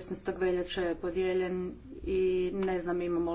16. veljače je podijeljen i ne znam imamo